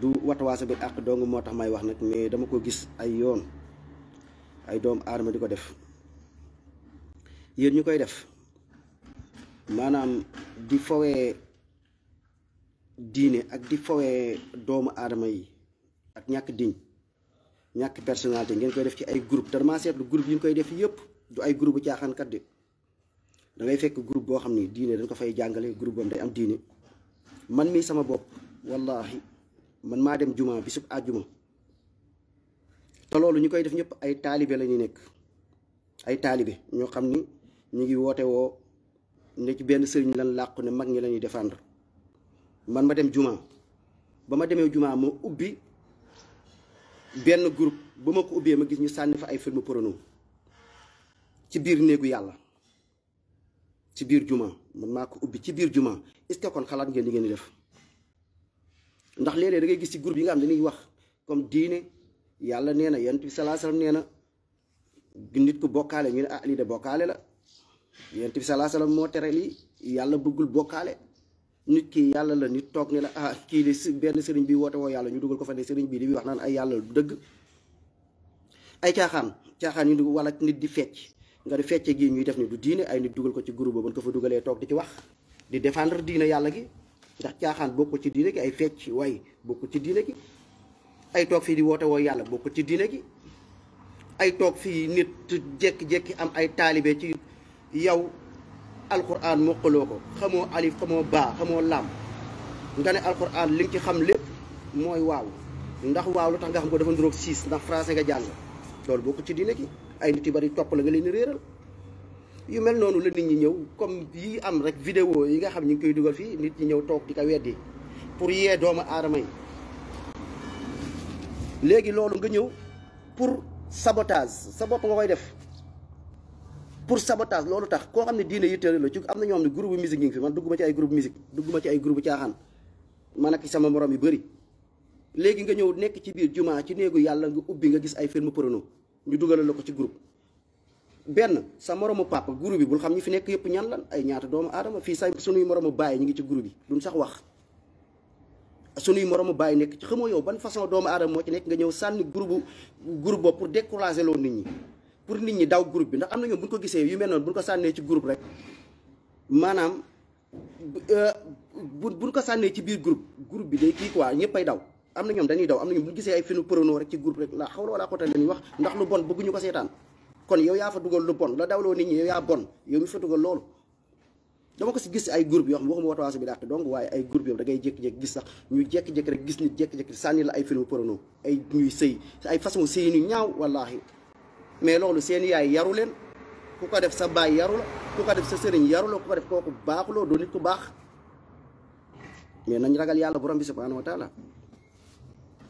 du watawaasa bi ak dong moo tax may wax nag mais dama ko gis ay yoon ay doomu aadama di ko def yéen ñu koy def maanaam di fowee diine ak di fowee doomu adama yi ak ñàkk diñ ñàkk personnalité ngeen koy def ci ay groupe te seetlu groupe yi ñu koy def yëpp du ay groupe bu caaxaankat de da fekk groupe boo xam ni diine dañ ko fay jàngale group boobu day am diine man mii sama bopp wallahi man maa dem juma bisub àjjuma te loolu ñu koy def ñëpp ay taalibe lañuy nekk ay taalibe ñoo xam ni ñu ngi woote woo ne ci benn sëriñ lan làqu ne mag ñi lañuy ñuy man ma dem juma ba ma demee juma ma ubbi benn groupe ba ma ko ubbee ma gis ñu sànni fa ay film porno ci biir néegu yàlla ci biir juma man maa ko ubbi ci biir juma est-ce kon xalaat ngeen li ngeen di def. ndax léeg-léeg da ngay gis ci group yi nga xam ne dañuy wax comme diine yàlla nee na yonent bi salaa salaam nee na nit ku bokkaale ñu ne ah lii de bokkaale la yonent bi salaa moo tere lii yàlla bëggul bokkaale nit ki yàlla la nit toog ne la ah kii de benn sëriñ bi woote woo yàlla ñu dugal ko fa ne sëriñ bi di wax naan ay yàlla lu dëgg ay caaxaan caaxaan ñu dugg wala nit di fecc nga di fecce gii ñuy def ni du diine ay nit dugal ko ci groupe ba ko fa dugalee toog di ci wax di défendre diine yàlla gi ndax caaxaan bokku ci diine gi ay fecc way bokku ci diine gi ay toog fii di woote woo yàlla bokku ci diine gi ay toog fii nit jékki-jékki am ay taalibe ci yow alquran mokkaloo ko xamoo alif xamoo baa xamoo laam nga ne alquran li nga ci xam lépp mooy waaw ndax waaw lu tax nga xam ko dafa nduróog siis ndax français nga jàng loolu bokku ci diine gi ay nit yu bari topp la nga leen réeral yu mel noonu la nit ñi ñëw comme yi am rek vidéo yi nga xam ñu ngi koy dugal fii nit ñi ñëw toog di ko weddi pour yee doomu aadama yi léegi loolu nga ñëw pour sabotage sa bopp nga koy def pour sabotage loolu tax koo xam ne diine yitteel la ci am na ñoo xam ne groupe musique ñu ngi fi man dugguma ci ay groupe musique dugguma ci ay groupe caaxaan man ak sama morom yu bëri léegi nga ñëw nekk ci biir jumaa ci néegu yàlla nga ubbi nga gis ay film porno ñu dugalal la ko ci groupe benn sa moromu papa groupe bu bul xam ñi fi nekk yëpp ñan lan ay ñaata doomu aadama fii sa sunuy moromu bàyyi ñu ngi ci groupe bi duñ sax wax sunuy moromu bàyyi nekk ci xamoo yow ban façon doomu aadama moo ci nekk nga ñëw sànni groupe groupe boobu pour décourager nit ñi pour nit ñi daw groupe bi ndax am na ñoom buñ ko gisee yu mel noonu buñ ko sànnee ci groupe rek maanaam bu euh, ci biir groupe groupe kii quoi ñëpp ay daw am na ñoom dañuy daw am na ñoom buñ gisee ay finu prono rek rek la xaw la wala xota leen wax ndax lu bon bëgguñu ko seetaan kon yow yaa fa dugal lu bon la dawloo nit ñi yow yaa bon yow mi fa dugal loolu dama ko si gis ay groupe yoo xam waxuma Watawasaw bi daat donc waaye ay groupe yow da ngay jékki sax ñu jékki-jékki rek gis nit jékki-jékki sànni la ay film porno ay ñuy sëy ay façon sëy ñu ñaaw wallaahi mais loolu seen yaay yaru leen ku ko def sa baay yaru la ku sëriñ yaru la ku ko def kooku baaxuloo doo nit ku baax mais nañ ragal yàlla borom bi subhanahu wa taala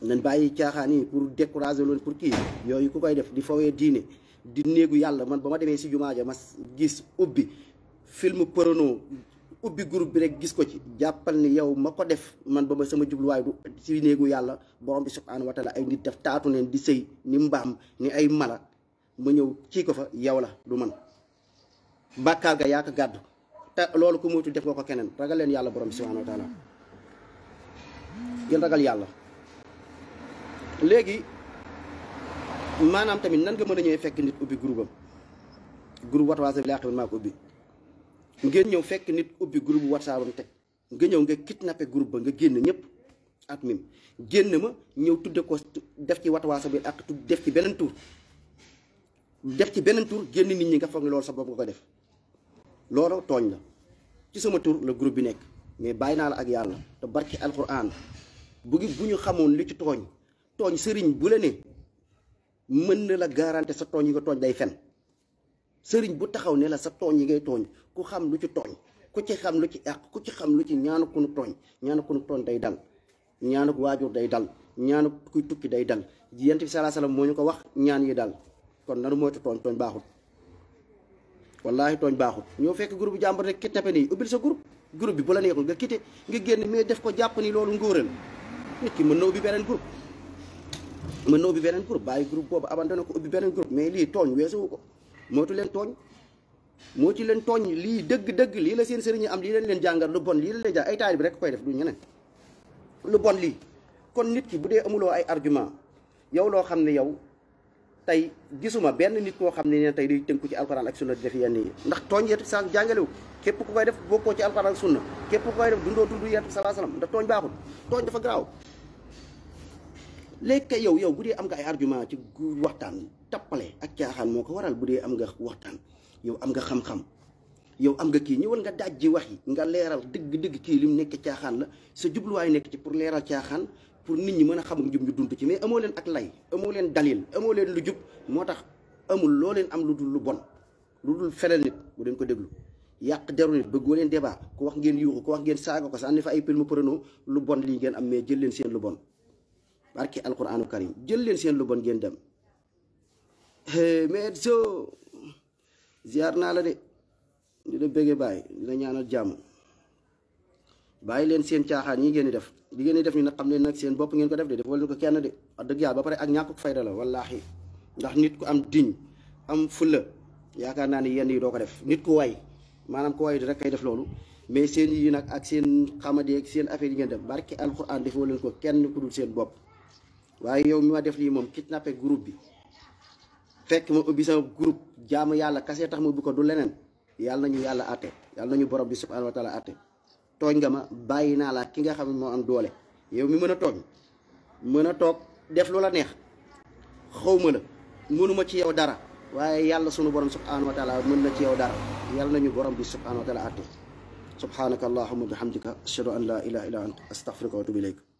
nañ bàyyi caaxaan yi pour décourager loolu pour kii yooyu ku koy def di fawee diine di néegu yàlla man ba ma demee si jumaa ja ma gis ubbi film porno ubbi groupe bi rek gis ko ci jàppal ni yow ma ko def man ba ma sama jubluwaay du si néegu yàlla borom bi subhaanahu wa ay nit def taatu neen di sëy ni mbaam ni ay mala ma ñëw kii ko fa yow la du man bàkkaar ga yaa gàddu te loolu ko moytu def nga ko keneen ragal leen yàlla borom bi subhaanahu wa taala ragal yàlla léegi maanaam tamit nan nga mën a ñëwee fekk nit ubbi groupe am groupe Watawasaw Billahi tamit maa ko ubbi ñëw fekk nit ubbi groupe Whatsapp am teg nga ñëw nga kidnappé group ba nga génn ñëpp at mim génn ma ñëw tudd ko def ci Watawasaw bi ak tu def ci beneen tur def ci beneen tur génn nit ñi nga foog ne loolu sa bopp nga ko def loolu tooñ la ci sama tur la group bi nekk mais bàyyi naa la ak yàlla te barki alquran bu bu ñu xamoon li ci tooñ tooñ sëriñ bu la ne mën na la garanté sa tooñ yi nga tooñ day fen sëriñ bu taxaw ne la sa tooñ yi ngay tooñ ku xam lu ci tooñ ku ci xam lu ci àq ku ci xam lu ci ñaanu ku nu tooñ ñaanu ku nu tooñ day dal waajur day dal ñaanu kuy tukki day dal yent bi salaa salaam moo ñu ko wax ñaan yi dal kon nanu moytu tooñ tooñ baaxut wallaahi tooñ baaxut ñoo fekk groupe jàmbur rek ki tepe nii ubbil sa groupe groupe bi bu la neexul nga quitté nga génn mais def ko jàpp ni loolu ngóoral nit ki mën na ubbi beneen groupe mën na ubbi beneen groupe bàyyi groupe boobu abandonné ko ubbi beneen groupe mais lii tooñ weesuwu ko mootu leen tooñ mootu leen tooñ lii dëgg-dëgg lii la seen sëriñ am lii leen leen jàngal lu bon lii la leen jàng ay koy def du ñeneen lu bon lii kon nit ki bu dee amuloo ay argument yow loo xam ne yow tey gisuma benn nit koo xam ne ne tey day tënku ci alxuraan ak sunna di def yenn yi ndax tooñ yetu sa jàngalewu képp ku koy def bokkoo ci alxuraan ak sunna képp ku koy def dundoo dund yetu salaa salaam ndax baaxul tooñ dafa garaaw léegi kay yow yow bu dee am nga ay argument ci waxtaan tappale ak caaxaan moo ko waral bu dee am nga waxtaan yow am nga xam-xam yow am nga kii ñëwal nga daaj ji wax yi nga leeral dëgg-dëgg kii lim nekk caaxaan la sa jubluwaay nekk ci pour leeral caaxaan pour nit ñi mën a xam ak jub ñu dund ci mais amoo leen ak lay amoo leen dalil amoo leen lu jub moo tax amul loo leen am lu dul lu bon lu dul fenal nit bu leen ko déglu yàq deru nit bëggoo leen débat wax ngeen yuuxu ku wax ngeen saaga ko sànni fa ay pil mu lu bon lii ngeen am mais jël leen seen lu bon barki alquranu karim jël leen seen lu bon ngeen dem mais so naa la de di la bëggee bàyyi di ñaanal jàmm bàyyi leen seen caaxaan ñi ngeen di def li ngeen di def ni nag xam leen nag seen bopp ngeen ko def de defoo kenn de wax ba pare ak ñàkkuk fayda la wallaahi ndax nit ku am diñ am fulla yaakaar naa ne yenn yi doo ko def nit ku way maanaam ku way di rek kay def loolu mais seen yi nag ak seen xamadi ak seen affaire yi ngeen dem barki al alquran defoo leen ko kenn ku dul seen bopp waaye yow mi ma def lii moom kidnappé groupe bi fekk ma ubbi sama group jàmm yàlla kase tax ma ubbi ko du leneen yàlla ñu yàlla àtte yàlla ñu borom bi subhanahu wa taala àtte tooñ nga bàyyi naa la ki nga xam ne moo am doole yow mi mën a tooñ mën a toog def lu la neex xawma la mënuma ci yow dara waaye yàlla sunu borom subhanahu wa taala mën na ci yow dara yàlla nañu borom bi subhanahu wa taala àtte subhanaka allahumma bihamdika ashhadu an la ilaha illa anta astaghfiruka wa atubu ilayk